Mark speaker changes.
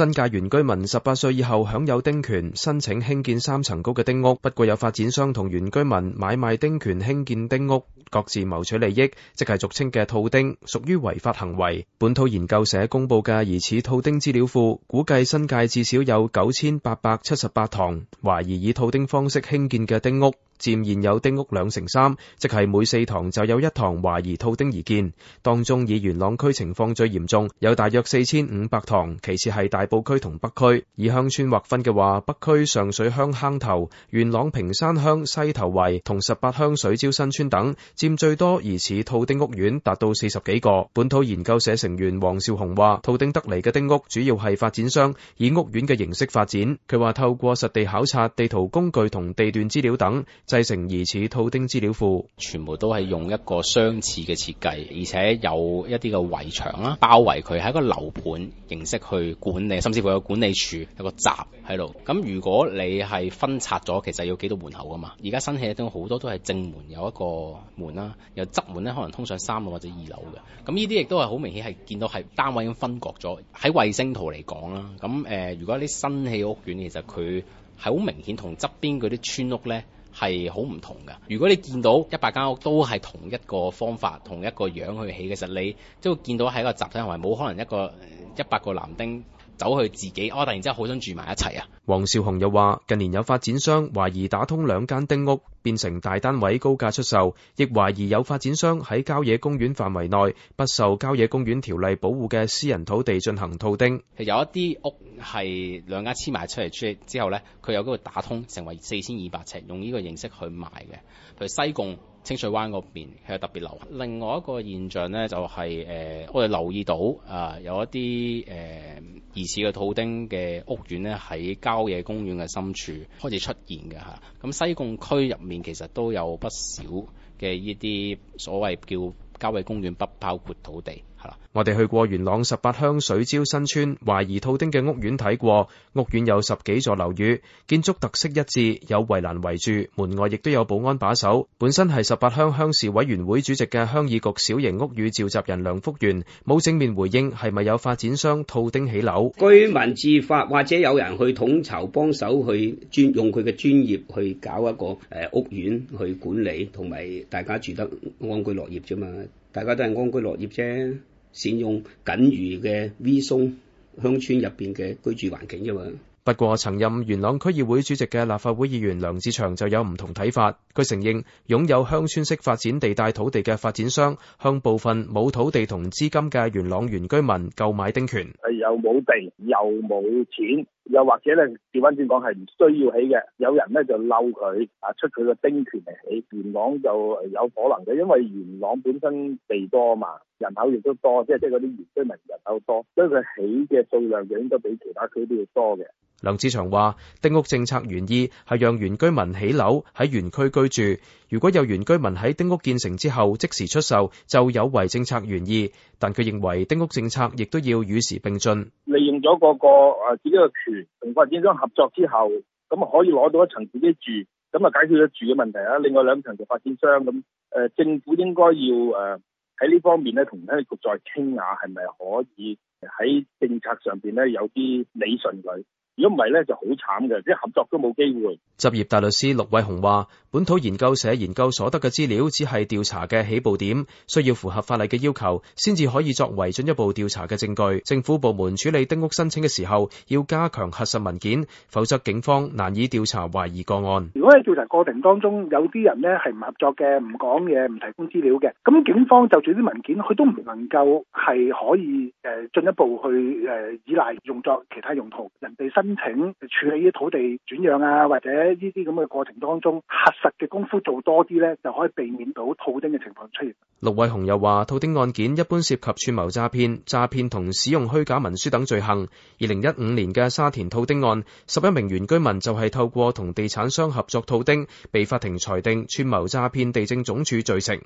Speaker 1: 新界原居民十八歲以後享有丁權，申請興建三層高嘅丁屋。不過有發展商同原居民買賣丁權興建丁屋，各自謀取利益，即係俗稱嘅套丁，屬於違法行為。本土研究社公布嘅疑似套丁資料庫，估計新界至少有九千八百七十八幢懷疑以套丁方式興建嘅丁屋。佔現有丁屋兩成三，即係每四堂就有一堂懷疑套丁而建。當中以元朗區情況最嚴重，有大約四千五百堂，其次係大埔區同北區。以鄉村劃分嘅話，北區上水鄉坑頭、元朗屏山鄉西頭圍同十八鄉水蕉新村等，佔最多疑似套丁屋苑達到四十幾個。本土研究社成員黃少雄話，套丁得嚟嘅丁屋主要係發展商以屋苑嘅形式發展。佢話透過實地考察、地圖工具同地段資料
Speaker 2: 等，製成疑似套丁資料庫，全部都係用一個相似嘅設計，而且有一啲嘅圍牆啦，包圍佢喺一個樓盤形式去管理，甚至乎有管理處有個閘喺度。咁如果你係分拆咗，其實要幾度門口噶嘛？而家新氣都好多都係正門有一個門啦，有側門咧，可能通上三樓或者二樓嘅。咁呢啲亦都係好明顯係見到係單位已經分割咗喺衛星圖嚟講啦。咁誒、呃，如果啲新氣屋苑其實佢係好明顯同側邊嗰啲村屋呢。係好唔同㗎。如果你見到一百間屋都係同一個方法、同一個樣去起嘅，其實你都會見到喺一個集體行為，係冇可能一個一百個男丁走去自己哦，突然之間好想住埋一齊啊！
Speaker 1: 黃少雄又話：近年有發展商懷疑打通兩間丁屋變成大單位高價出售，亦懷疑有發展商喺郊野公園範圍內不受郊野公園條例保護嘅私人土地進行套丁。
Speaker 2: 有一啲屋係兩家黐埋出嚟，出之後呢，佢有嗰個打通成為四千二百尺，用呢個形式去賣嘅。譬如西貢清水灣嗰邊係特別流行。另外一個現象呢，就係、是、誒、呃，我哋留意到啊、呃，有一啲誒、呃、疑似嘅套丁嘅屋苑呢，喺郊。郊野公園嘅深處開始出現嘅吓，咁西貢區入面其實都有不少嘅呢啲所謂叫。郊野公園不包括土地，
Speaker 1: 我哋去過元朗十八鄉水礁新村懷疑套丁嘅屋苑睇過，屋苑有十幾座樓宇，建築特色一致，有圍欄圍住，門外亦都有保安把守。本身係十八鄉鄉事委員會主席嘅鄉議局小型屋宇召集人梁福元冇正面回應係咪有發展商套丁起樓。
Speaker 2: 居民自發或者有人去統籌幫手去專用佢嘅專業去搞一個誒屋苑去管理，同埋大家住得安居樂業啫嘛。大家都係安居樂業啫，善用僅餘嘅 V 松鄉村入邊嘅居住環境啫嘛。
Speaker 1: 不過，曾任元朗區議會主席嘅立法會議員梁志祥就有唔同睇法。佢承認擁有鄉村式發展地帶土地嘅發展商，向部分冇土地同資金嘅元朗原居民購買丁權。
Speaker 3: 係又冇地，又冇錢。又或者咧，調翻轉講係唔需要起嘅，有人咧就嬲佢啊，出佢個丁權嚟起元朗就有可能嘅，因為元朗本身地多啊嘛，人口亦都多，即係即係嗰啲原居民人口多，所以佢起嘅數量應該比其他區都要多嘅。
Speaker 1: 梁志祥話：丁屋政策原意係讓原居民起樓喺原區居住，如果有原居民喺丁屋建成之後即時出售，就有違政策原意。但佢認為丁屋政策亦都要與時並進。
Speaker 3: 利用咗嗰個誒自己嘅權同發展商合作之後，咁可以攞到一層自己住，咁啊解決咗住嘅問題啊。另外兩層就發展商咁，誒、呃、政府應該要誒喺呢方面咧同規劃局再傾下，係咪可以喺政策上邊咧有啲理順佢。因為呢，就好慘嘅，啲合作都冇機會。
Speaker 1: 執業大律師陸偉雄話，本土研究社研究所得嘅資料只係調查嘅起步點，需要符合法例嘅要求，先至可以作為進一步調查嘅證據。政府部門處理丁屋申請嘅時候，要加強核實文件，否則警方難以調查懷疑個案。
Speaker 3: 如果喺調查過程當中有啲人呢係唔合作嘅，唔講嘢，唔提供資料嘅，咁警方就住啲文件，佢都唔能夠係可以誒進一步去誒依賴用作其他用途。人哋申申請處理土地轉讓啊，或者呢啲咁嘅過程當中，核實嘅功夫做多啲呢，就可以避免到套丁嘅情況出現。
Speaker 1: 陸偉雄又話，套丁案件一般涉及串謀詐騙、詐騙同使用虛假文書等罪行。二零一五年嘅沙田套丁案，十一名原居民就係透過同地產商合作套丁，被法庭裁定串謀詐騙地政總署罪成。